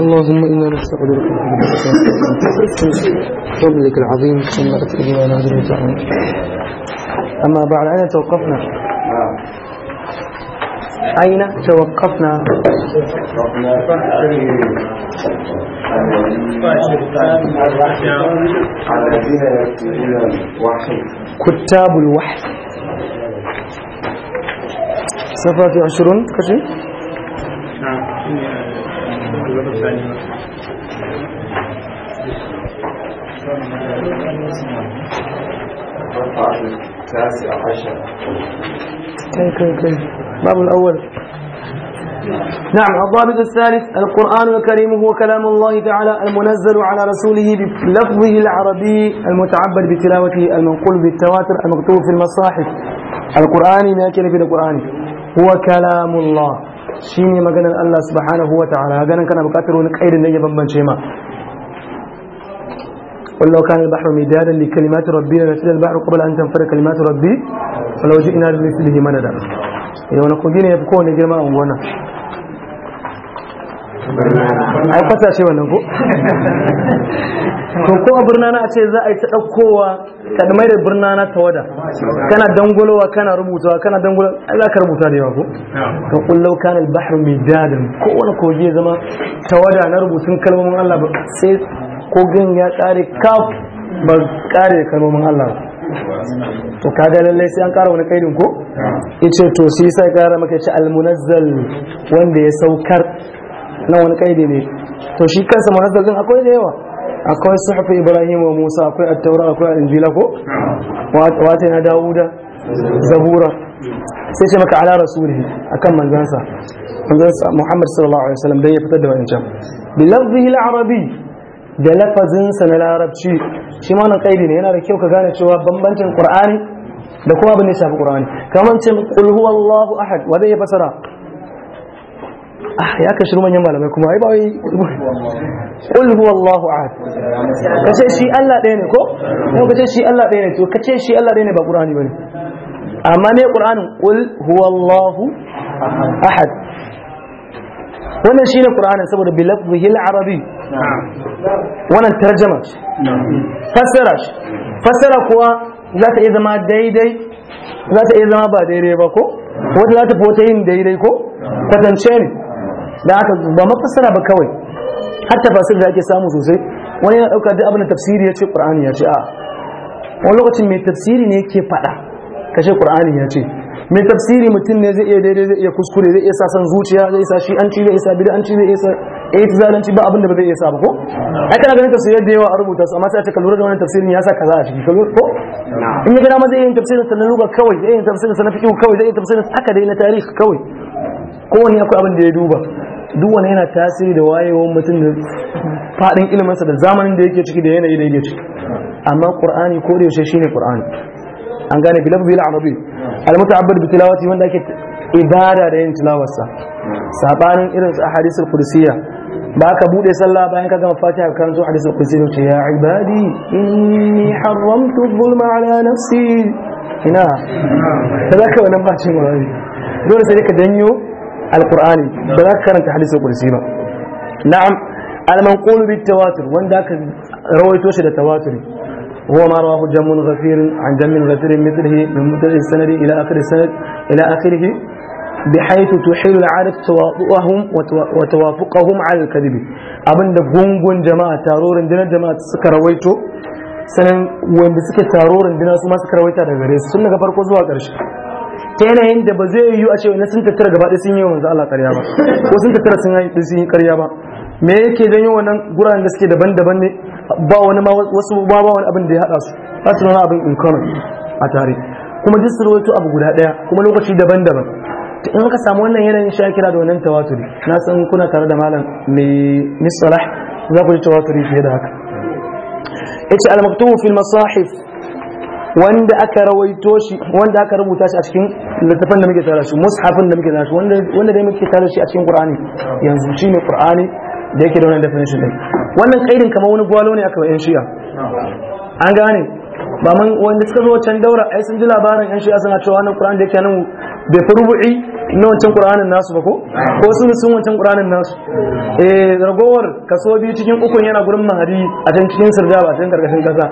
اللهم إنا نستقدرك فضلك العظيم ثم أتينا أن أدرك أما بعد أين توقفنا أين توقفنا كتاب الوحي صفات عشرون كشي الباب الأول نعم الضابط الثالث القرآن الكريم هو كلام الله تعالى المنزل على رسوله بلفظه العربي المتعبد بتلاوته المنقول بالتواتر المكتوب في المصاحف القرآن ما في القرآن هو كلام الله shi ne maganin Allah subhanahu wa ta'ala ganin kana bukatar wani ƙairin da ya bambance ma wallau kana al-bahru midadan li kalimati rabbi la nasila al-bahru qabla an tanfara kalimati ina da misli madada yau na ko gine ya fi kowane girma a wannan ai kwata ce wannan ko to ko birnana a ce za a yi ta ɗaukowa kadmai da birnana ta wada kana dangulowa kana rubutawa kana dangulowa za ka rubuta da yawa ko ka kullau kana bahar mai dadin ko wani kogi ya zama ta wada na rubutun kalmomin Allah ba sai kogin ya ƙare kaf ba kare kalmomin Allah To ka kaga lallai sai an kara wani kaidin ko yace to sai sai kara maka ce almunazzal wanda ya saukar nan wani kaidi ne to shi kansa munazzal din akwai da yawa akwai suhufi ibrahim wa musa akwai at-taura akwai al-injila ko wata na dawuda zabura sai ce maka ala rasulihi akan manzansa manzansa muhammad sallallahu alaihi wasallam dai ya fitar da wancan bi lafzihi al-arabi da lafazinsa na larabci shi ma nan kaidi ne yana da kyau ka gane cewa bambancin qur'ani da kuma abin da ya shafi qur'ani kamar ce qul huwallahu ahad wa zai fasara Ah, ya ka shiru manyan malamai kuma ai ba wai qul huwallahu ahad kace shi Allah ɗaya ne ko ko kace shi Allah ɗaya ne to kace shi Allah ɗaya ne ba qur'ani bane amma ne qur'anin qul huwallahu ahad wannan shine qur'anin saboda bi lafzihi al-arabi wannan tarjama fassara fassara kuwa za ta iya zama daidai za ta iya zama ba daidai ba ko wata za ta fi wata yin daidai ko kwatance ne da haka ba mafassara ba kawai har tafasir da ake samu sosai wani yana ɗauka duk abin da tafsiri ya ce ƙur'ani ya ce a wani lokacin mai tafsiri ne ke faɗa ka ce ƙur'ani ya ce mai tafsiri mutum ne zai iya daidai zai iya kuskure zai iya sa san zuciya zai isa shi an ci zai isa bidan an ci zai isa eh zalunci ba abin da ba zai iya sa ba ko ai kana ganin tafsirin da yawa a rubuta su amma sai ta kalura da wannan tafsirin ya sa kaza a ciki kalura ko in ya gana ma zai yi tafsirin sa na lugha kawai zai yi tafsirin sa na fiqh kawai zai yi tafsirin haka dai na tarihi kawai kowanne akwai abin da ya duba duk wani yana tasiri da wayewar mutum da fadin iliminsa da zamanin da yake ciki da yanayi da yake ciki amma qur'ani ko da yaushe shine qur'ani an gane bilabu bil arabi almuta muta'abbad bi tilawati wanda ake ibada da yin tilawarsa sabanin irin su hadisar kursiya ba ka bude sallah bayan ka gama fatiha kan zo hadisul kursiya ce ya ibadi inni haramtu bulma ala nafsi ina da zaka wannan bacin wani dole sai ka danyo alkur'ani ba za ka karanta hadisul qudsi ba na'am al-manqulu tawatur wanda aka rawaito shi da tawaturi هو ما رواه دم غفير عن دم غفير مثله من مدة السند إلى آخر السند إلى آخره بحيث تحيل العادة تواطؤهم وتوافقهم على الكذب أبن دفهم جماعة تارور دنا جماعة سكر ويتو sanan wanda suke su daga gare su sun daga farko zuwa ƙarshe ta yanayin da ba zai yiwu a ce wani sun tattara gaba ɗaya sun yi wanzu Allah ƙarya ba ko sun tattara sun yi sun yi ƙarya ba me yake janyo wannan guraren da suke daban-daban ne ba wani ma wasu ba ba wani abin da ya haɗa su ba su nuna abin in common a tare kuma duk su abu guda ɗaya kuma lokaci daban-daban in ka samu wannan yanayin shakira kira da wannan tawaturi na san kuna tare da malam mai misalah za ku ji tawaturi fiye da haka Ita al-maktubu fil masahif wanda aka rawaito shi wanda aka rubuta shi a cikin littafin da muke tare shi mushafin da muke tare shi wanda wanda dai muke tare shi a cikin Qur'ani yanzu shi ne Qur'ani da yake da wannan definition din wannan kaidin kamar wani gwalo ne aka shi shiya an gane ba man wanda suka zo can daura ai sun ji labarin yan shiya suna cewa wannan Qur'ani da yake nan bai rubu'i na wancan ƙuranin nasu ba ko ko sun sun wancan ƙuranin nasu eh ragowar kaso biyu cikin ukun yana gurin mahari a can cikin sirja ba can karkashin kasa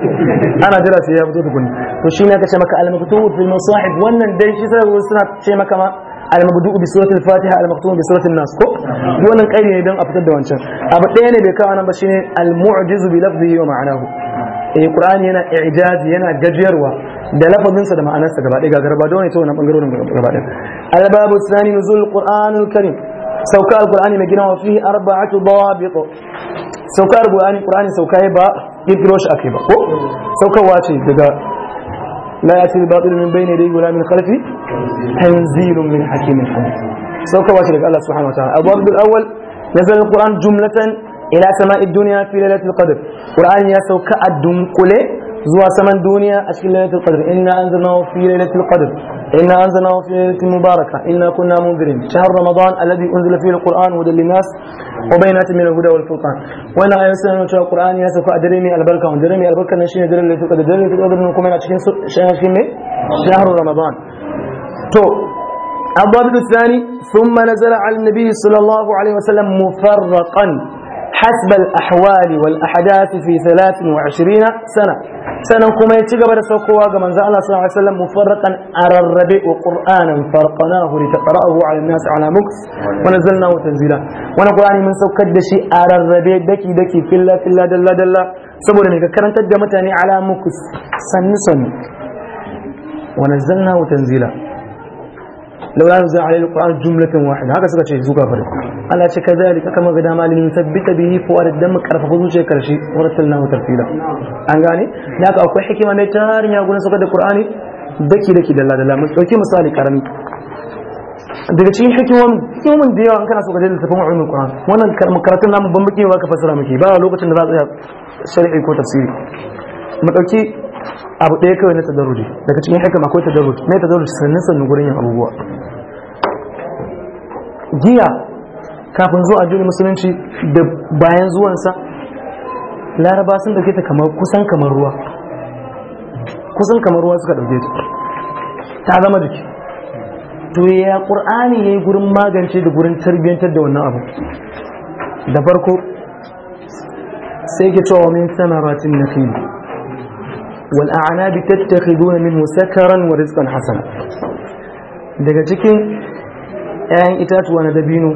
ana jira sai ya fito tukuni to shi ne aka ce maka al-maktub fil masahib wannan dai shi sai suna ce maka ma al-mabdu bi surati al-fatiha al-maktub bi surati ko wannan ƙari ne don a fitar da wancan abu ɗaya ne bai kawo nan ba shine al-mu'jizu bi lafzihi wa ma'anahu eh qur'ani yana i'jazi yana gajiyarwa da lafazinsa da ma'anarsa gaba ɗaya gagara ba don ya tona bangarorin gaba ɗaya albabu tsani nuzul qur'anul karim sauka alqur'ani mai gina wa fihi arba'atu dawabit sauka alqur'ani qur'ani sauka ba kirkiro shi akai ba ko saukarwa ce daga la yati al-batil min bayni yadayhi wala min khalfi tanzilun min hakimin hamid saukarwa ce daga Allah subhanahu wa ta'ala abwabul awwal nazala al-qur'an jumlatan إلى سماء الدنيا في ليلة القدر والآن يسو كأدم قلي زوا سماء الدنيا أشكي ليلة القدر إنا أنزلناه في ليلة القدر إنا أنزلناه في ليلة مباركة إنا كنا منذرين شهر رمضان الذي أنزل فيه القرآن ودى للناس وبينات من الهدى والفرقان وإن آية سنة نتوى القرآن يسو كأدريمي البركة ودريمي البركة نشين يدري ليلة القدر دريمي القدر نكم من أشكين شهر خمي شهر رمضان تو الضابط الثاني ثم نزل على النبي صلى الله عليه وسلم مفرقا حسب الأحوال والأحداث في 23 سنة سنة كما يتجب رسوكوا كما زال الله صلى الله عليه وسلم مفرقا على الربيع وقرآنا فرقناه لتقرأه على الناس على مكس ونزلناه تنزيلا وانا قرآن من سوكت دشي على الربيع دكي دكي في الله في الله دلا دلا سبولا نيكا كرنت الدمتاني على مكس سن سن ونزلناه تنزيلا laula nuzila alayhi alquran jumlatan wahida haka suka ce su kafir Allah ce kazalika kama ga dama lin sabbita bihi fuwar dan mu karfafa karshe waratalna wa tartila an gane da haka akwai hikima mai ya gurin saka da qur'ani daki daki dalla dalla daga cikin hikimomin hikimomin da yawa an kana so ka dalilta fahimtar ulumul qur'an wannan karatun namu ban muke ba ka fasara muke ba lokacin da za a tsaya sharhi ko tafsiri mu dauki abu ɗaya kawai na tadarruji daga cikin haka akwai tadarruji mai tadarruji sannan sannan gurin yin abubuwa giya kafin zuwa juni musulunci da bayan zuwansa laraba sun dauke ta kamar kusan kamar ruwa kusan kamar ruwa suka dauke ta ta zama jiki to ya ya yi gurin magance da gurin tarbiyyantar da wannan abu da farko sai ke cewa min samaratin nakhil bi tattaki والأعناب تتخذون منه سكرا ورزقا حسنا daga cikin 'ya'yan itatuwa na dabino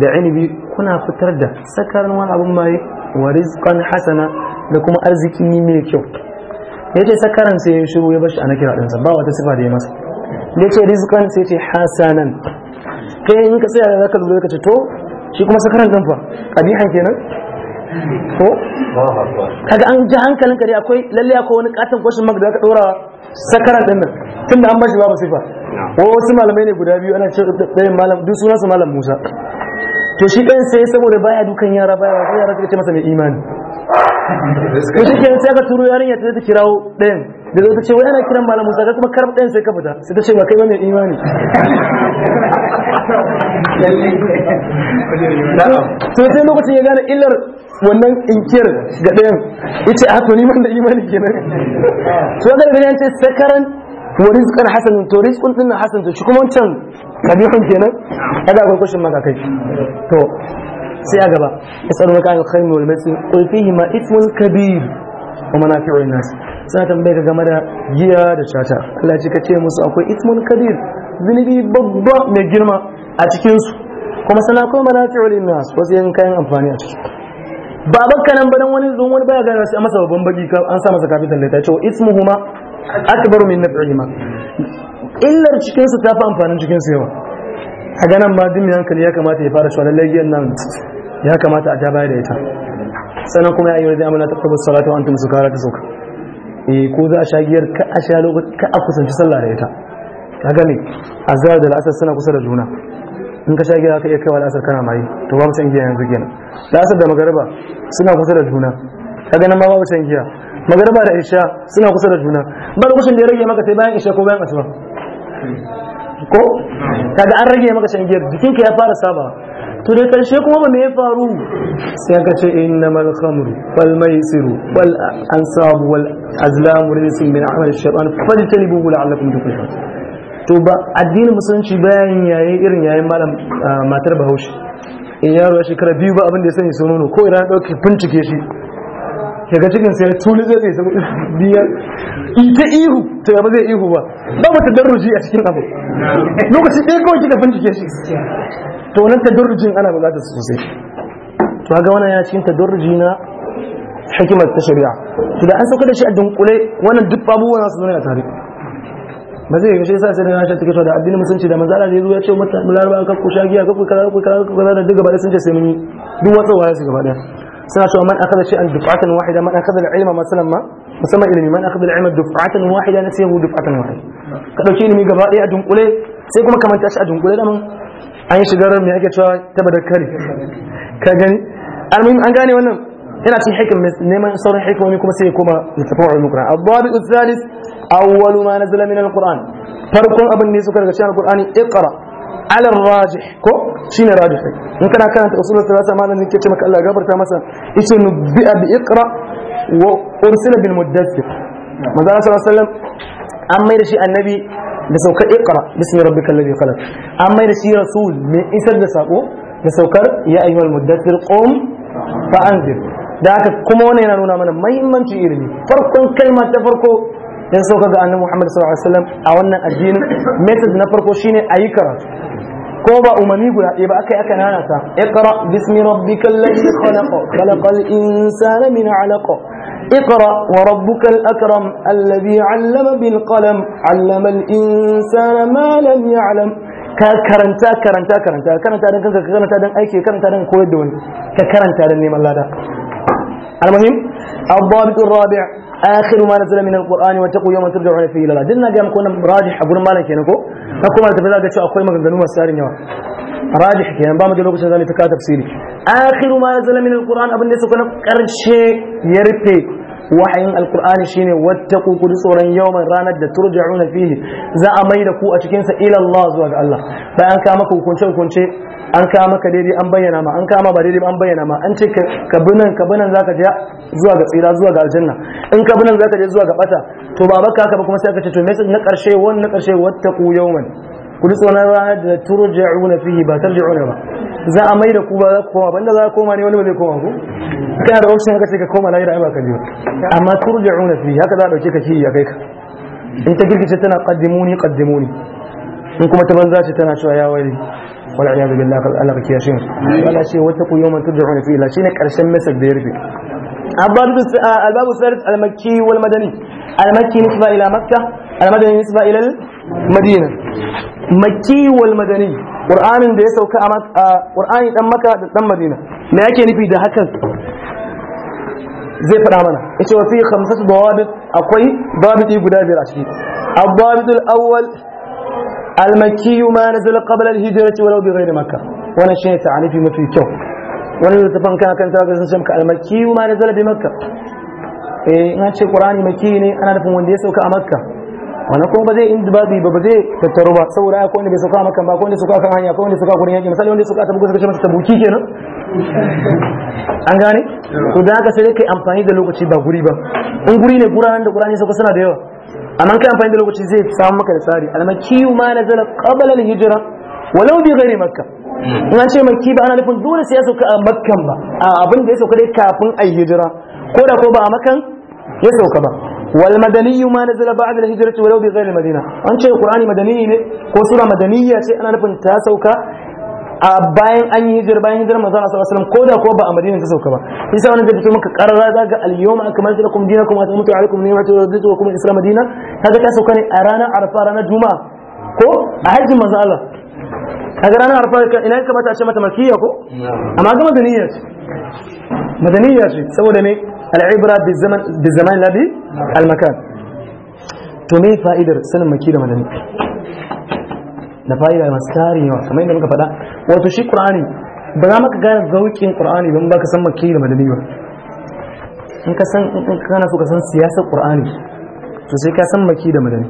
da inibi kuna fitar da sakarin wani abin mai wa rizqan hasana da kuma arziki mai kyau ya ce sakaran sai ya shiru ya bashi a nakira ɗinsa ba wata sifa da ya masa ya ce rizqan sai ce hasanan kai in ka tsaya za ka zo ka ce to shi kuma sakaran ɗin fa ƙabihan kenan ko kaga an ji hankalin dai akwai lalle akwai wani katon question mark da aka dora sakaran din nan tunda an bashi babu sifa ko wasu malamai ne guda biyu ana ce ɗayan malam duk sunansa malam Musa to shi ɗan sai saboda baya dukan yara baya wasu yara suka ce masa mai imani to shi kenan sai aka turo yarinya ta ta kirawo ɗayan da zai tace wani ana kiran malam musa ga kuma karɓa ɗayan sai ka fita sai ta ce ma kai mai imani to sai lokacin ya gane illar wannan inkiyar ga ɗayan ce a ah, to ni man da imani kenan to ga ya ce sakaran wani rizqan hasanun to rizqun din hasan to shi kuma can kabihun kenan nan akwai ga maka kai to sai a gaba yasalunaka an khaymul masi qul fihi ma ithmun kabir wa manafi'un nas suna tambaye ka game da giya da shata Allah ya ce ka ce musu akwai ismun kabir zunubi babba mai girma a cikin su kuma sana akwai manafi'un nas wasu yan kayan amfani a ciki Baban bakka nan badan wani don wani baya gane sai a masa babban baki an sa masa kafin da ta ce ismuhuma akbaru min naf'ihima illar cikin su tafi amfanin cikin su yawa a ganin ma dumi hankali ya kamata ya fara shawarar lagiyar nan ya kamata a ta bayar da ita sannan kuma ya yi wani amana ta tabbata salatu an tumsu eh, kara ta sauka e ko za a sha giyar ka a sha lokaci ka a kusanci sallah da ita ka gane azhar da la'asar suna kusa da juna in ka sha giyar ka iya kaiwa la'asar kana mai to babu san giya yanzu kenan la'asar da magariba suna kusa da juna ka gane ma babu san giya magariba da isha suna kusa da juna ba lokacin da ya rage maka sai bayan isha ko bayan asuba ko kaga an rage maka shan giyar jikinka ya fara sabawa to da karshe kuma ba me ya faru sai aka ce innamal khamru wal maisiru wal ansab wal azlamu rizqun min amal shaytan fajtanibuhu la'allakum tuflihun to ba addinin musulunci bayan yayin irin yayin malam ah, matar bahaushe in yaro ya shekara biyu ba abin da ya sani sun nono ko ina dauke bincike shi kaga cikin sai tuli zai zai zama biyar ita ihu ta ba zai ihu ba ba mu darruji a cikin abu lokaci ɗaya kawai kika bincike shi to wannan tadarrujin ana bukatar sosai to ga wannan ya cikin tadarruji na hikimar ta shari'a to da an sauka da shi a dunkule wannan duk abubuwan su zama tare ba zai yi shi yasa sai da take to da addinin musulunci da manzo Allah ya ya ce mata mularba ka ku shagiya ka kaza ku kaza ku kaza da duka ba sun ce sai mun yi duk wata waya su gaba daya suna to man akhadha shay'an duf'atan wahida man akhadha al-ilma masalan ma musamman ilimi man akhadha al-ilma duf'atan wahida nasihu duf'atan wahida ka dauki ilimi gaba daya a dunkule sai kuma kamanta shi a dunkule da mun an shiga ran mai ake cewa taba da kari ka gani almuhim an gane wannan yana cin hikim neman sauran hikimomi kuma sai ya koma littafin ulumul qur'an abwabi uthalis awwalu ma nazala min alquran farkon abin ne suka daga cikin alqur'ani iqra ala rajih ko shine rajih in kana karanta usulul thalatha malamin ke ce maka Allah gabarta masa yace nubbi'a bi iqra wa ursila bil mudaththir manzo sallallahu alaihi wasallam an mai da shi annabi da saukar ikra bismi rabbikal ladhi khalaq amma da shi rasul mai isar da sako da saukar ya ayyuhal muddathir qum fa anzir da haka kuma wannan yana nuna mana muhimmanci ilimi farkon kalma ta farko dan sauka ga annabi Muhammad sallallahu alaihi wasallam a wannan addinin message na farko shine ayi karatu ko ba umami guda ɗaya ba aka yi aka nana ta iqra bismi rabbikal ladhi khalaq khalaqal insana min 'alaq اقرأ وربك الأكرم الذي علم بالقلم علم الإنسان ما لم يعلم ka karanta karanta karanta karanta dan kanka ka karanta dan aiki karanta dan koyar da wani ka karanta dan neman lada المهم الضابط الرابع آخر ما نزل من القرآن واتقوا يوما ترجعون فيه إلى الله دلنا جام كنا راجح أقول مالك كينا كو نقوم على تفضل قد ما قدنوا السارين يوا راجح كينا بام دلوك شغالي تكاتب سيري آخر ما نزل من القرآن أبن نسو كنا قرن شيء wahayin alkur'ani shine wattaqu ku tsoron yawman ranar da turja'una fihi za a maida ku a cikin sa ila Allah zuwa ga Allah Ba an ka maka hukunce hukunce an ka maka daidai an bayyana ma an kama ba daidai ba an bayyana ma an ce ka binan ka binan zaka je zuwa ga tsira zuwa ga aljanna in ka binan zaka je zuwa ga bata to baba baka ba kuma sai ka ce to me na karshe wannan na karshe wattaqu yawman kudu tsoron ranar da turja'una fihi ba tarja'una ba za a maida ku ba za ku koma banda za ku koma ne wani ba zai koma ku kana da option haka sai ka koma lahira ai ba ka jiwa amma turja'una fi haka za a dauke ka shi ya kai ka in ta girgice tana qaddimuni qaddimuni in kuma ta banza ce tana cewa ya wari wal iyad billah Allah ka kiyashe wala ce wata ku yawman turja'una fi ila shine karshen message da ya rufe الباب الثالث المكي والمدني المكي نسبة إلى مكة المدني نسبة إلى المدينة مكي والمدني قرآن ده يسوك قرآن دم مكة zai faɗa mana yace wa fi khamsatu dawabit akwai dabiti guda biyar a ciki الضابط الأول المكي ما نزل قبل الهجرة ولو بغير مكة وانا شيء تعريف ما في كو وانا لتفن كان كان تابع سنشمك المكي ما نزل بمكة eh in an ce qur'ani maki ne ana nufin wanda ya sauka a makka wani kuma ba zai in ba ba zai tattaro ba saboda akwai wanda bai suka makan ba akwai wanda suka kan hanya akwai wanda suka gurin yaki misali wanda suka tabu suka ce masa tabuki kenan an gane to da haka sai dai kai amfani da lokaci ba guri ba in guri ne guranan da gurani suka suna da yawa amma kai amfani da lokaci zai samu maka da tsari alama kiyu ma na qabla al-hijra walau bi ghairi makka in an ce makki ba ana nufin dole sai ya sauka a makkan ba abin da ya sauka dai kafin ai hijira ko da ko ba a makan ya sauka ba والمدني ما نزل بعد الهجرة ولو بغير المدينة أن شيء القرآن مدني كسورة مدنية شيء أنا نبني تاسوكا أباين آه، أن يهجر باين هجر مزال صلى الله عليه وسلم كودا كوبا با أمدين تاسوكا با إيسا أنا جدت لما كقرر اليوم أكملت لكم دينكم وأتممت عليكم نعمتي ورديت لكم الإسلام مدينة هذا تاسوكا أرانا عرفا رانا جمع كو أهج مزالة أجر أنا أعرف إنك إنك كما تعيش متملكية كو نعم. أما هذا مدنية مدنية شيء سووا ده al'ibra bi zaman labi al-makan to me fa'idar sanin maki da madani da fa'ida masu tarewa kamar yadda muka faɗa wato shi qur'ani ba za maka gane zaukin qur'ani don ka san maki da madani ba in ka san in kana so ka san siyasar qur'ani to sai ka san maki da madani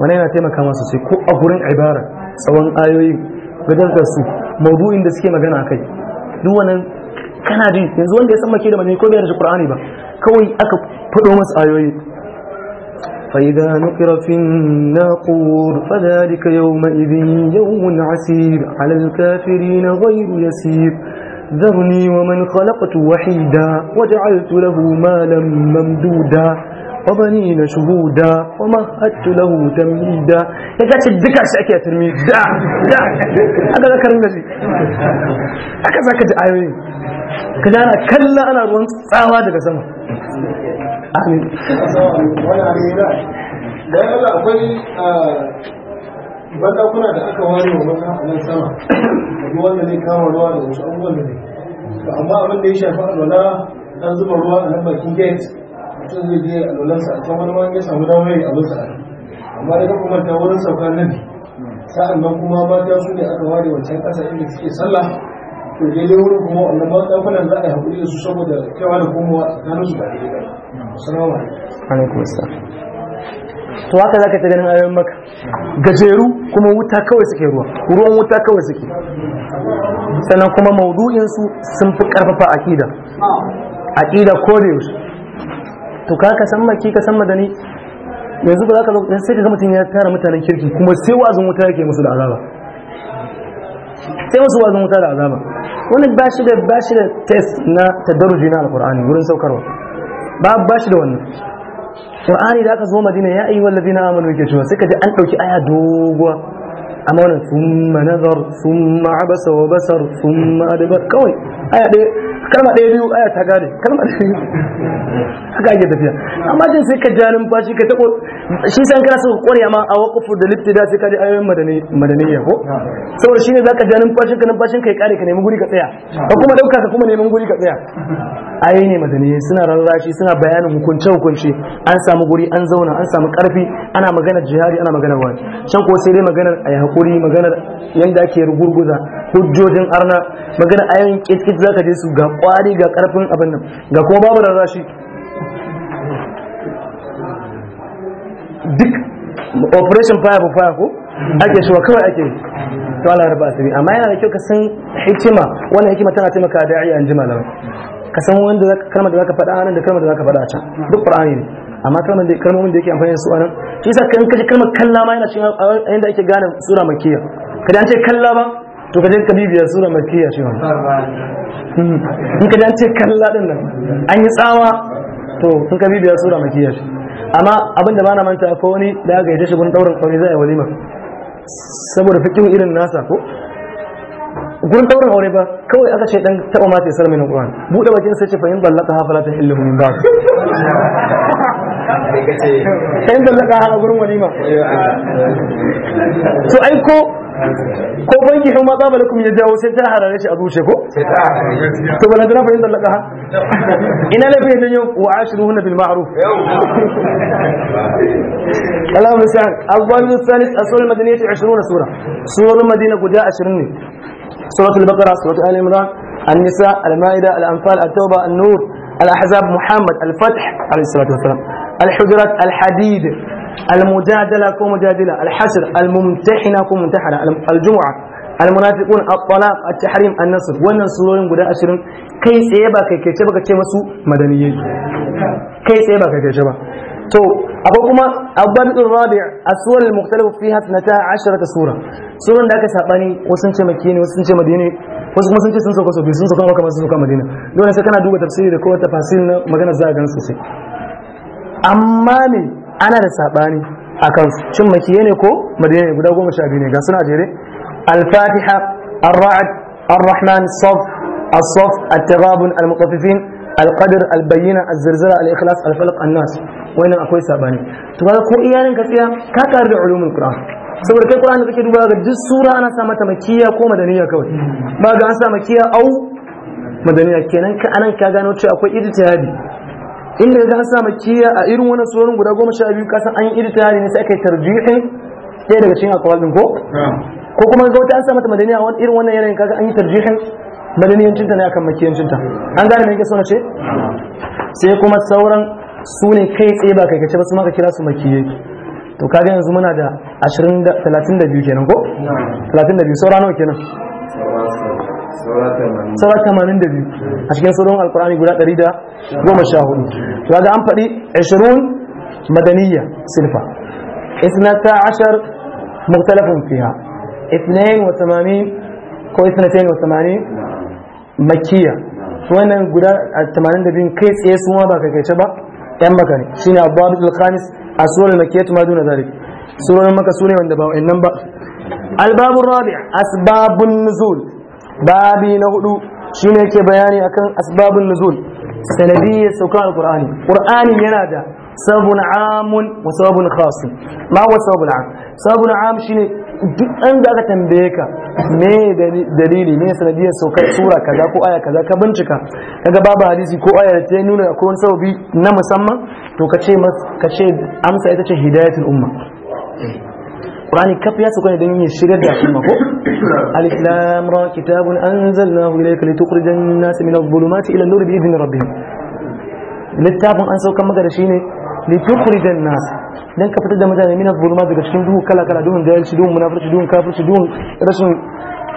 Wani yana taimaka masa sai ko a gurin ibara tsawon ayoyin wajen su maudu'in da suke magana akai duk wannan kana bi yanzu wanda ya san maki da manzo ko bai da qur'ani ba kawai aka fado masa ayoyi فإذا نقر في الناقور فذلك يومئذ يوم عسير على الكافرين غير يسير ذرني ومن خلقت وحيدا وجعلت له مالا ممدودا وبنين شهودا ومهدت له تمهيدا يا كاتش الدكا شاكي ترمي دا دا هذا ذكر النبي هكذا كتب آيوين ka ana kalla ana ruwan tsawa daga sama amin da yana akwai ah, bandakuna da aka ware wa maza a nan sama da wanda zai kama ruwa da wasu abubuwan da ne amma abin da ya shafi alwala an zuba ruwa a nan bakin gate mutum zai je sa, a can wani ma ya samu damar yi abin sa amma da kuma ta wurin sauka nan sa'an nan kuma mata su ne aka ware wancan kasa inda suke sallah to daidai wurin kuma wannan ma tsakunan za a yi haƙuri da su saboda kaiwa da komowa tsakanin su ba daidai ba assalamu alaikum to haka za ka ta ganin ayoyin maka gajeru kuma wuta kawai suke ruwa ruwan wuta kawai suke sannan kuma maudu'insu sun fi karfafa aƙida. Aƙida ko da yaushe to ka ka san maki ka san madani yanzu ba za ka sai ka ga mutum ya tara mutanen kirki kuma sai wa'azin wuta yake musu da azaba sai musu wazin wuta da azaba wani ba shi da ba shi da test na tadarruji na alqur'ani wurin saukarwa ba ba shi da wannan qur'ani da aka zo madina ya ayyuhal ladina amanu yake cewa sai ka ji an dauki aya doguwa amma wannan summa nazar summa abasa wa basar summa adbar kawai aya ɗaya kalma ɗaya biyu aya ta gane kalma ɗaya biyu haka ake tafiya amma din sai ka ja numfashi ka tabo shi san kana suka ƙwarya ma a waqfu da liftida sai ka ji ayoyin ya ko saboda shine zaka ja numfashin ka numfashin kai kare ka nemi guri ka tsaya ka kuma dauka ka kuma nemi guri ka tsaya ayi ne madaniya suna rarrashi suna bayanin hukunce hukunce an samu guri an zauna an samu karfi ana magana jihadi ana magana wani can ko sai dai maganar ayi hakuri maganar yadda ake rugurguza hujjojin arna magana ayoyin kitkit zaka je su ga kwari ga karfin abin nan ga kuma babu shi. duk operation fire for fire ko ake shi kawai ake to Allah ya raba asiri amma yana da kyau ka san hikima wannan hikima tana taimaka da'i an ji malamai ka san wanda kalmar da zaka faɗa nan da kalmar da zaka faɗa can duk qur'ani ne amma kalmar da kalmomin da yake amfani da su anan shi yasa kan kaji kalmar kalla ma yana cikin yanda ake gane sura makkiya kada an ce kalla ba to kaje ka bibiya sura makkiya shi ma hmm. in kaje an ce kalla din nan an yi tsawa to sun ka bibiya sura makkiya shi amma abin da bana manta ko wani da ga yadda shi gun daurin aure zai walima saboda fikin irin nasa ko gurin daurin aure ba kawai aka ce dan taba mata ya sarmi na Qur'an bude bakin sai ce fa in ballaka ha falata ilmu min ba sai in zallaka har gurin walima to ai ko ko banki in ma tsaba lakum ya jawo sai ta harare shi a zuciya ko to bala dana fa in zallaka ha ina la fi dan wa ashiruhun bil ma'ruf Allah mun san awwal salis asul madaniyati 20 sura sura madina guda 20 ne suratul baqara suratul ali imran النساء nur الأنفال التوبة النور الأحزاب محمد الفتح عليه الصلاة والسلام الحجرات الحديد المجادلة كو مجادلة الحشر الممتحنة كو ممتحنة الجمعة المنافقون الطلاق التحريم النصر wannan surorin guda 20 kai tsaye ba kai kai ka ce masu madaniyai kai tsaye ba kai kai ba to akwai kuma abdul rabi as-suwar sura surun da aka sabani wasu sun ce sun ce madina wasu sun ce sun sun sauka kuma kamar sun sauka kana duba tafsiri da kowa tafasil na magana za a amma min ana da a akan cin makiye ne ko madina ne guda goma sha biyu ne ga suna jere al-fatiha ar-ra'd ar-rahman saf as-saf at-taghabun al-mutaffifin al-qadr al-bayyina az-zilzala al-ikhlas al-falq an-nas wannan akwai saɓani? to kaga ko iyalin ka ka karu da ulumul qur'an saboda kai qur'ani kake duba ga duk sura ana sa mata makiya ko madaniya kawai ba ga an sa makiya au madaniya kenan ka anan ka gano cewa akwai ijtihadi inda yanzu an sa makiya a irin wannan surorin guda goma sha biyu kasan an yi iri irtihari ne sai aka yi tarjihin ɗaya daga cikin akwal ko ko kuma ga wata an sa mata madaniya a irin wannan yanayin kaga an yi tarjihin madaniyancin ta ne akan makiyancin ta an gane me yake so na ce sai kuma sauran su ne kai tsaye ba kai kace ba su ma ka kira su makiye to kaga yanzu muna da 20 32 kenan ko 32 saura nawa kenan 82 a cikin sauran alkur'ani guda 114 to ga an faɗi 20 madaniyya silfa ashar mutalafin fiha 82 ko 82 Su wannan guda 82 kai tsaye sun wa ba kakaice ba yan maka ne shine abwabitul khamis a tsoron makkiyat ma duna zari tsoron maka ne wanda ba nan ba Albabun rabi' asbabun nuzul babi na hudu ne yake bayani akan asbabun nuzul sauka saukan ƙurani qur'ani yana da sababun amun wa sababun khas ma wa sababun am am shine duk an da aka tambaye ka me dalili me sanadiyar saukar sura kaza ko aya kaza ka bincika kaga babu hadisi ko aya da ta nuna akwai wani sababi na musamman to ka ce amsa ita ce hidayatul umma القرآن كف ياسك أن يدني الشرير داخل مكو ألف لام را كتاب أنزلناه إليك لتخرج الناس من الظلمات إلى النور بإذن ربهم للتاب أنسو كما قال شيني لتخرج الناس لأنك فتدى مثلا من الظلمات دقا شكين دون كلا كلا دون دائل شدون منافر شدون كافر شدون رسم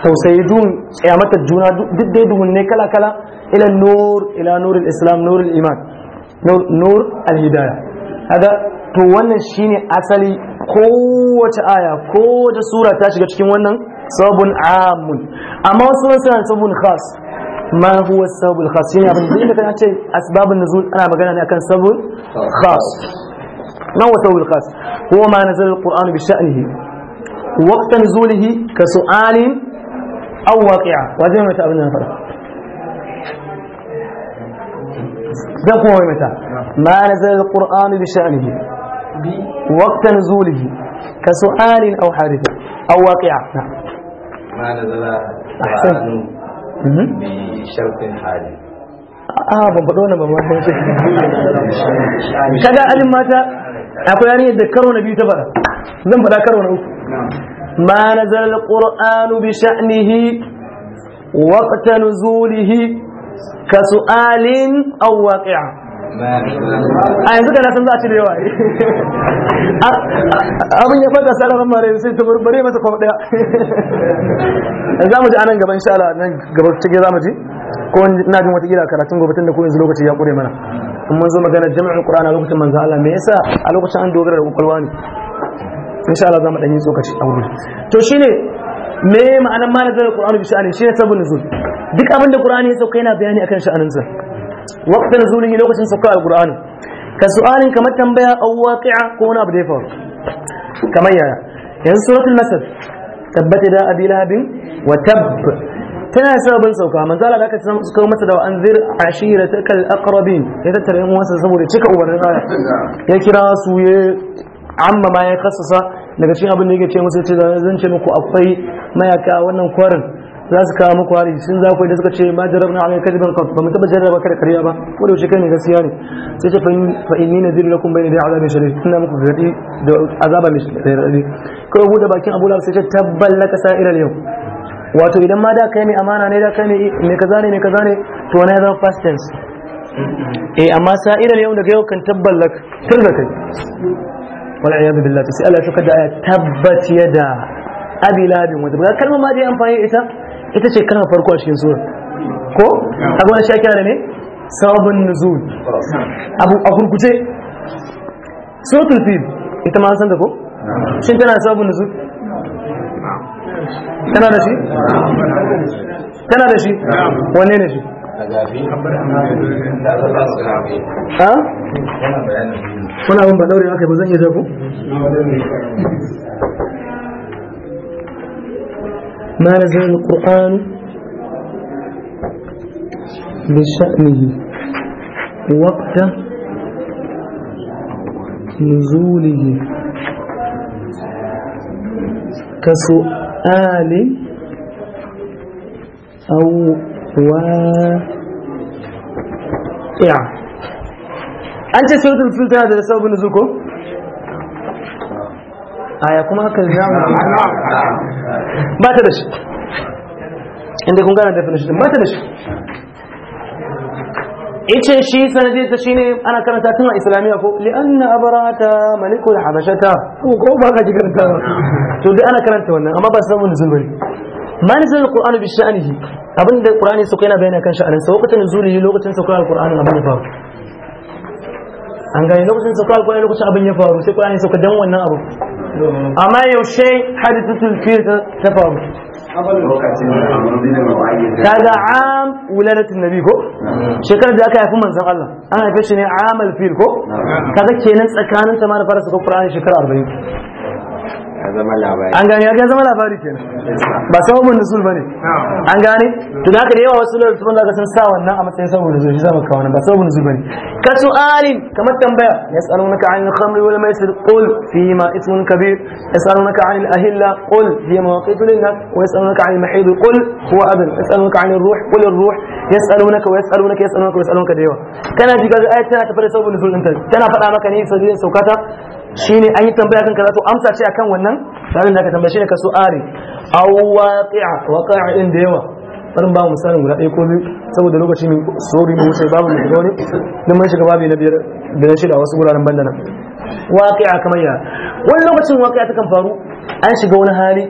توسيدون إعمات الجنة دد دي دون دي كلا كلا إلى النور إلى نور الإسلام نور الإيمان نور, نور الهداية هذا تو wannan shine asali kowace aya ko da sura ta shiga cikin wannan sabon amun amma wasu wasu na sabon khas ma huwa sabon khas shine abin da inda kana ce asbabun nuzul ana magana ne akan sabon khas ma huwa sabon khas huwa ma nazala alquran bi sha'nihi waqta nuzulihi ka su'alin aw waqi'a wajen mata abin da na faɗa zan kuma mai mata ma nazala alquran bi sha'nihi وقت نزوله كسؤال أو حادثة أو واقعة نعم ما نزل أحسن بشرط حادث آه, آه، بمبدونا بمبدونا كذا علم ماتا أقول يعني يذكروا نبي تبرا لم بذكروا نعم ما نزل القرآن بشأنه وقت نزوله كسؤال أو واقعة a yanzu da nasan san za a ci da yawa abin ya fata sarrafin mare sai ta barbare masa kwam daya za mu ji anan gaba insha nan gaba cikin za mu ji ko ina jin wata gida karatun gobe tun da ko yanzu lokaci ya kure mana in mun zo magana jami'in qur'ani a lokacin manzo Allah me yasa a lokacin an dogara da ƙwaƙwalwa ne insha Allah za mu ɗanyi tsokaci a wurin to shine me ma'anar ma nazar qur'ani bi shi ne sabon nuzul duk abin da ƙura'ana ya sauka yana bayani akan sha'anin sa waqtan zulihi lokacin sauka alqur'ani ka su'alin kamar tambaya aw waqi'a ko wani abu da yaya yanzu suratul masad tabbata da abi lahabin wa tabb tana sabon sauka manzo Allah zaka suka masa da anzir ashiratakal aqrabin ya tattara yan wasa saboda cika ubannin ya kira su ya amma ma ya daga cikin abin da yake ce musu ce zan ce muku akwai mayaka wannan kwarin za su kawo muku hari sun za ku da suka ce ma jarabna alai kadiban qat ba mu taba jarraba ka da kariya ba ko da kai ne gaskiya ne sai ce fa inni nadhiru lakum bayna da azabin shadid ina muku gargadi da azaba mai shadid ko bude bakin Abu sai ce tabbal laka sa'iral yau wato idan ma da kai mai amana ne da kai me kaza ne me kaza ne to wani ya zama past tense eh amma sa'iral yau daga yau kan tabbal lak kai wal iyad billahi sai Allah ya shuka da tabbat yada abi labin wanda kalmar ma dai amfani ita ita ce kalmar farko a cikin sura ko abu wani shi kira da ne sabon nuzul abu a kurkuce suratul fil ita ma san da ko shin tana sabon nuzul tana da shi tana da shi wanne ne shi ha wani abin ba daure aka yi ba zan iya jago ما نزل القرآن بشأنه وقت نزوله كسؤال أو واقع أنت سورة الفلتر هذا لسبب نزولكم aya kuma haka zamu ba ta da shi inda kun gane definition ba ta da shi ice shi ta shine ana karanta tun a islamiyya ko anna abarata maliku habashata ko ba ka ji karanta to dai ana karanta wannan amma ba san mun zulmi ma nuzul qur'ani bi sha'nihi abinda qur'ani suka yana bayani kan sha'anin sa lokacin nuzuli lokacin saukar alqur'ani abin ya faru an gani lokacin saukar alqur'ani lokacin abin ya faru sai qur'ani sauka dan wannan abu اما یه شی حدیث تلفیر تفاهم كذا عام ولادة النبي كو شكرا لك يا فمان سبحان الله انا فيشني عام الفيل كو نعم. كذا كينن سكان انت ما نفرس كو شكرا 40 zama labari an gane ya zama labari kenan ba sababin nuzul bane an gane to da haka da yawa wasu lura tufan zaka san sa wannan a matsayin sababin nuzul shi zama kawo ba sababin nuzul bane ka su'alin kamar tambaya yas'alunaka 'anil khamri wal maisir qul ma ismun kabir yas'alunaka 'anil ahilla qul hiya mawaqitu lin-nas wa yas'alunaka 'anil mahid qul huwa adl yas'alunaka 'anil ruh qul ar-ruh yas'alunaka wa yas'alunaka yas'alunaka wa yas'alunaka da yawa kana ji ga ayat tana tafi da sababin nuzul din tana faɗa maka ne sai saukata Shi ne an yi tambaya kan kaza to amsa ce akan wannan tsarin da aka ne ka su ari aw waqi'a waqa'a din da yawa barin ba mu sanin guda ɗaya ko biyu saboda lokaci min sori mu wuce babu mu shiga wani dan mun shiga babu na biyar da na shida wasu guraren banda nan waqi'a kamar ya wani lokacin waqi'a ta kan faru an shiga wani hali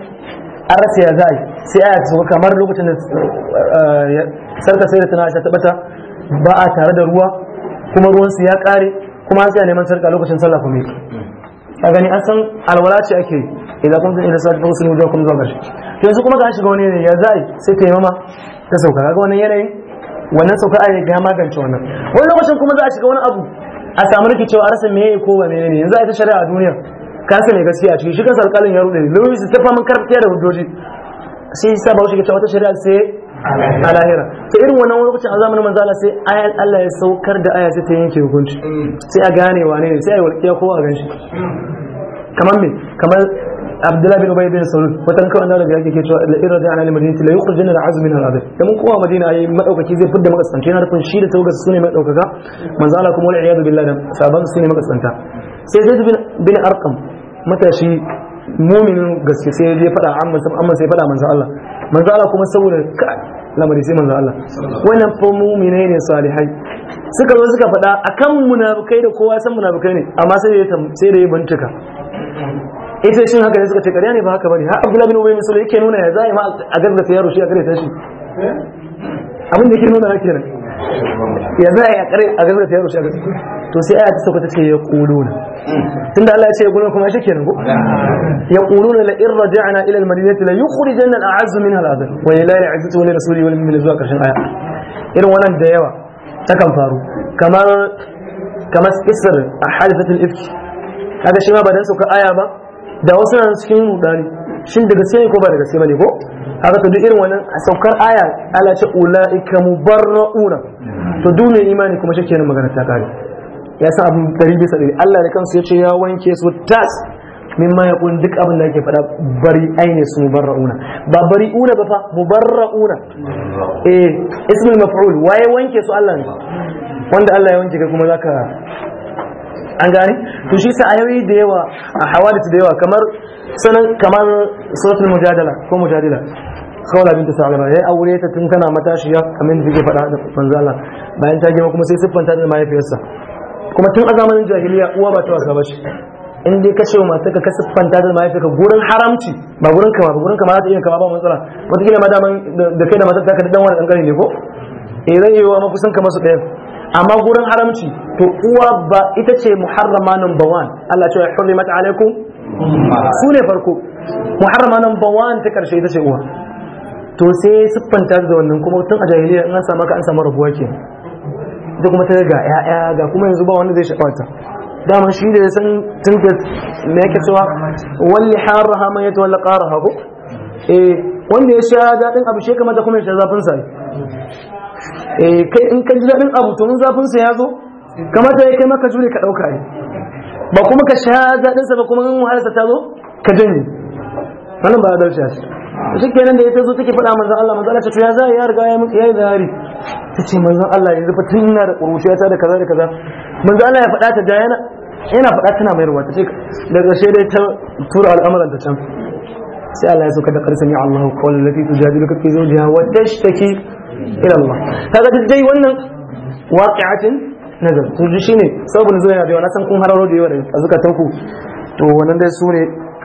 an rasa ya zai sai aya ta sauka kamar lokacin da eh, sarka sai da tana ta tabbata ba a tare da ruwa kuma ruwan su ya kare kuma an tsaya neman sarka lokacin sallah kuma ka gani an san alwala ce ake idan kun san idan sa ta usul wujuhakum zuwa gashi to yanzu kuma ga shiga wani ne ya zai sai ta yi mama ta sauka ga wannan yanayi wannan sauka a ga magance wannan wani lokacin kuma za a shiga wani abu a samu rikicewa a rasa meye ko ba menene yanzu a ita shari'a a duniya ka sa mai gaskiya ce shi kansa alƙalin ya rude ne lewis ta famin karfiya da hujjoji sai sa ba shi ga wata shari'a sai a lahira to irin wannan lokacin a zamanin manzala sai ayat Allah ya saukar da aya sai ta yanke hukunci sai a gane wane ne sai a yi walƙiya ko a ganshi kamar me kamar abdullahi bin Ubay bin Salul watan kawai nan daga yake ke cewa la irada ana lil madinati la yukhrij min al-azmi min al da mun kowa madina yayi madaukaki zai fudda makasanta yana rufin shi da su sune madaukaka manzo Allah kuma wal iyadu billahi saban sune makasanta sai Zaid bin Arqam matashi muminin gaske sai ya faɗa amma amma sai faɗa manzo Allah manzo Allah kuma saboda kai lamari sai manzo Allah wannan fa mumine ne salihai suka zo suka faɗa akan munafikai da kowa san munafikai ne amma sai ya sai da ya bincika ita shin haka ne suka ce kariya ne ba haka bane ha Abdullah bin Ubay misali yake nuna ya zai ma a garda sai ya rushe a gare ta shi abin da yake nuna kenan za a yi a gaba ta sayar rushe to sai aya ta sauka ta ce ya tun tunda Allah ya ce ya kuluna kuma shi kenan ko ya kuluna la in raja'na ana ilal madinati la yi al a'azzu minha al adhil wa lillahi 'izzatu wa li rasuli wa lil zuwa karshen aya irin wannan da yawa takan faru kamar kamar kisar a hadisatul ifki kaga shi ma ba dan sauka aya ba da wasu nan cikin rudani shi daga sai ko ba daga sai bane ko haka to duk irin wannan a saukar aya ala mu ulaika mubarrauna to duk mai imani kuma shi kenan magana ta kare ya san abin dari bisa dari Allah da kansu ya ce ya wanke su tas mimma ya kun duk abin da yake faɗa bari aine su mubarrauna ba bari una ba fa mubarrauna eh ismul maf'ul waye wanke su Allah ne wanda Allah ya wanke ka kuma zaka an gane to shi sa ayoyi da yawa a hawadith da yawa kamar sanan kamar suratul mujadala ko mujadala kawla binta sa'alama yayi aure ta tun tana matashiya kamar da take faɗa da manzo Allah bayan ta gima kuma sai siffanta da mahaifiyarsa kuma tun a zamanin jahiliya uwa ba ta wasa ba shi. in dai ka cewa matarka ka siffanta da mahaifiyarka gurin haramci ba gurin kama ba gurin kama za ta iya kama ba matsala wataƙila ma daman da kai da matar ka da dan wani ƙanƙani ne ko eh zan yi wa mafusan kamar su ɗayan amma gurin haramci to uwa ba ita ce muharrama number one Allah ce mata alaikum su ne farko muharrama number one ta karshe ita ce uwa to sai siffanta da wannan kuma tun a jahiliya in an samu ka an samu rabuwa ke da kuma ta ga ya'ya ga kuma yanzu ba wanda zai shafata dama shi da ya san tun da me yake cewa walli haraha man yatawalla qaraha ko eh wanda ya sha dadin abu shi kamar da kuma ya sha zafin sa Eh, kai in ka ji daɗin abu to mun zafin sa ya zo kamata ya kai maka jure ka ɗauka ne ba kuma ka sha daɗin sa ba kuma in wahalarsa ta zo ka janye wannan ba adalci ya shi kenan da ya zo take faɗa manzon Allah manzon Allah ta ya za ya riga ya yi zahari ta ce manzon Allah yanzu fa tun ina da ƙuruciya ta da kaza da kaza manzon Allah ya faɗa ta da yana yana faɗa tana ruwa ta ce da ƙarshe dai ta tura al'amuran ta can sai Allah ya sauka da ƙarsa ni Allah ko lati tujadiluka fi zawjiha wa tashtaki ila Allah kaga duk dai wannan waqi'atin nazar to shine sabon zuwa yana da yawa na san kun hararo da yawa da azukatan ku to wannan dai su ne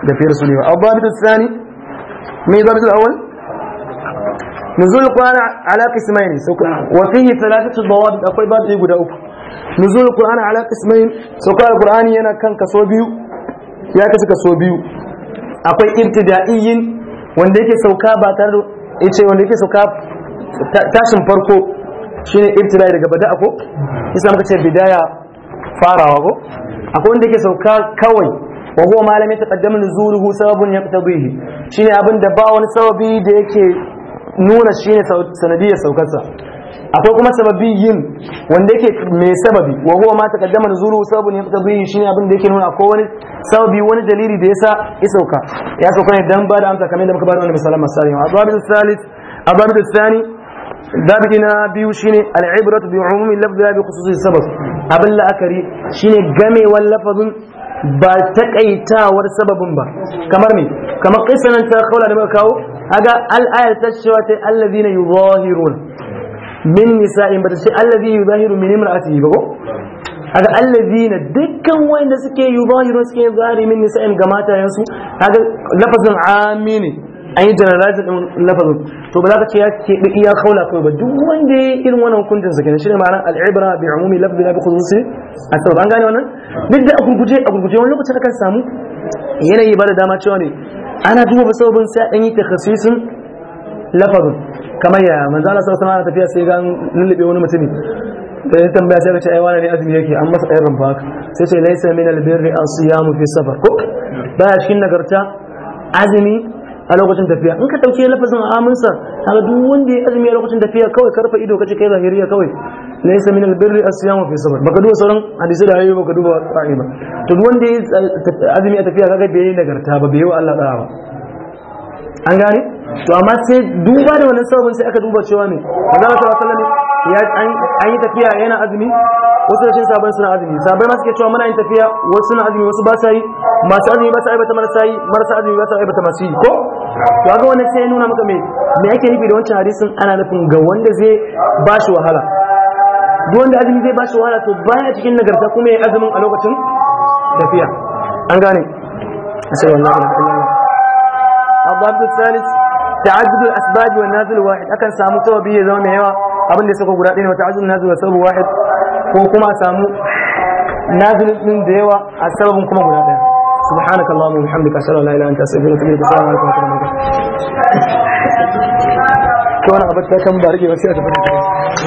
da fiyar su ne ba abu babu tsani me babu awal nuzul qur'ana ala qismayn sauka wa fihi thalathatu dawabit akwai babu guda uku nuzul qur'ana ala qismayn sauka alqur'ani yana kan kaso biyu ya kasu kaso biyu akwai irtidaiyin wanda yake sauka ba tare da yace wanda yake sauka tashin farko shine ibtila'i daga bada'a ko isa muka ce bidaya farawa ko akwai wanda yake sauka kawai wa huwa ma lam yataqaddam nuzuluhu sababun yaqtadihi shine abin da ba wani sababi da yake nuna shine sanadiyar saukarsa akwai kuma yin wanda yake mai sababi wa huwa ma taqaddama nuzulu sababun yaqtadihi shine abin da yake nuna akwai wani sababi wani dalili da yasa ya sauka ya sauka ne dan ba da amsa kamar da muka ba da wannan misalan masalin wa ababu salis ababu thani dabiki na biyu shine al'ibratu bi umumi lafzi bi khususi sabab abin la'akari shine gamewar lafazin ba takaitawar sababin ba kamar me kamar kisanan ta kaula da muka kawo aga al'ayar ta cewa ta allazina yuzahirun min nisa'in ba ta ce allazi yuzahiru min imra'atihi ba ko aga allazina dukkan wanda suke yuzahirun suke zahiri min nisa'in ga matayensu aga lafazin amini an yi generalizing din lafazin to ba za ka ce ya keɓe iya kaula kawai ba duk wanda ya yi irin wannan hukuncin sa kenan shi ne ma'anar al'ibra bi umumi lafzi na bi khususi a sabab an gane wannan duk da a gurguje a gurguje wani lokacin kan samu yanayi ba da dama cewa ne ana duba ba sababin sai an yi takhasisin lafazin kamar ya manzo Allah sallallahu alaihi tafiya sai ga lullube wani mutumi ta ya tambaya sai ka ce ai wani ne azumi yake an masa ɗayan rumfa haka sai ce laisa min albirri siya siyamu fi safar ko baya cikin nagarta azumi a lokacin tafiya in ka dauke lafazin aminsa haka duk wanda ya azumi a lokacin tafiya kawai karfa ido kace kai zahiriya kawai laysa min albirri asyamu fi sabr baka duba sauran hadisi da ayyuka baka duba sa'i ba to duk wanda ya azumi a tafiya kaga bai nagarta ba bai yi wa Allah da'a ba an gane to amma sai duba da wannan sabon sai aka duba cewa ne manzo sallallahu alaihi wasallam ya an yi tafiya yana azumi wasu da cikin suna azumi sabai ma suke cewa muna yin tafiya wasu suna azumi wasu ba sa yi masu azumi ba sa aibata marasa yi marasa azumi ba sa aibata masu yi ko to ga wannan sai ya nuna maka me me ake nufi da wancan hadisin ana nufin ga wanda zai ba shi wahala duk wanda azumi zai ba shi wahala to baya cikin nagarta kuma ya azumin a lokacin tafiya an gane sai wannan alhamdulillah الضابط الثالث تعدد samu والنازل واحد أكن ya zama mai yawa? abin da ya sako guda ɗaya ne wata azul nazil wa sabu wahid ko kuma a samu nazil din da yawa a sababin kuma guda ɗaya subhanaka allahumma wa bihamdika ashhadu an la ilaha illa anta astaghfiruka wa atubu ilaik assalamu alaikum wa rahmatullahi wa barakatuh to wannan abin ta kan ba rike wasu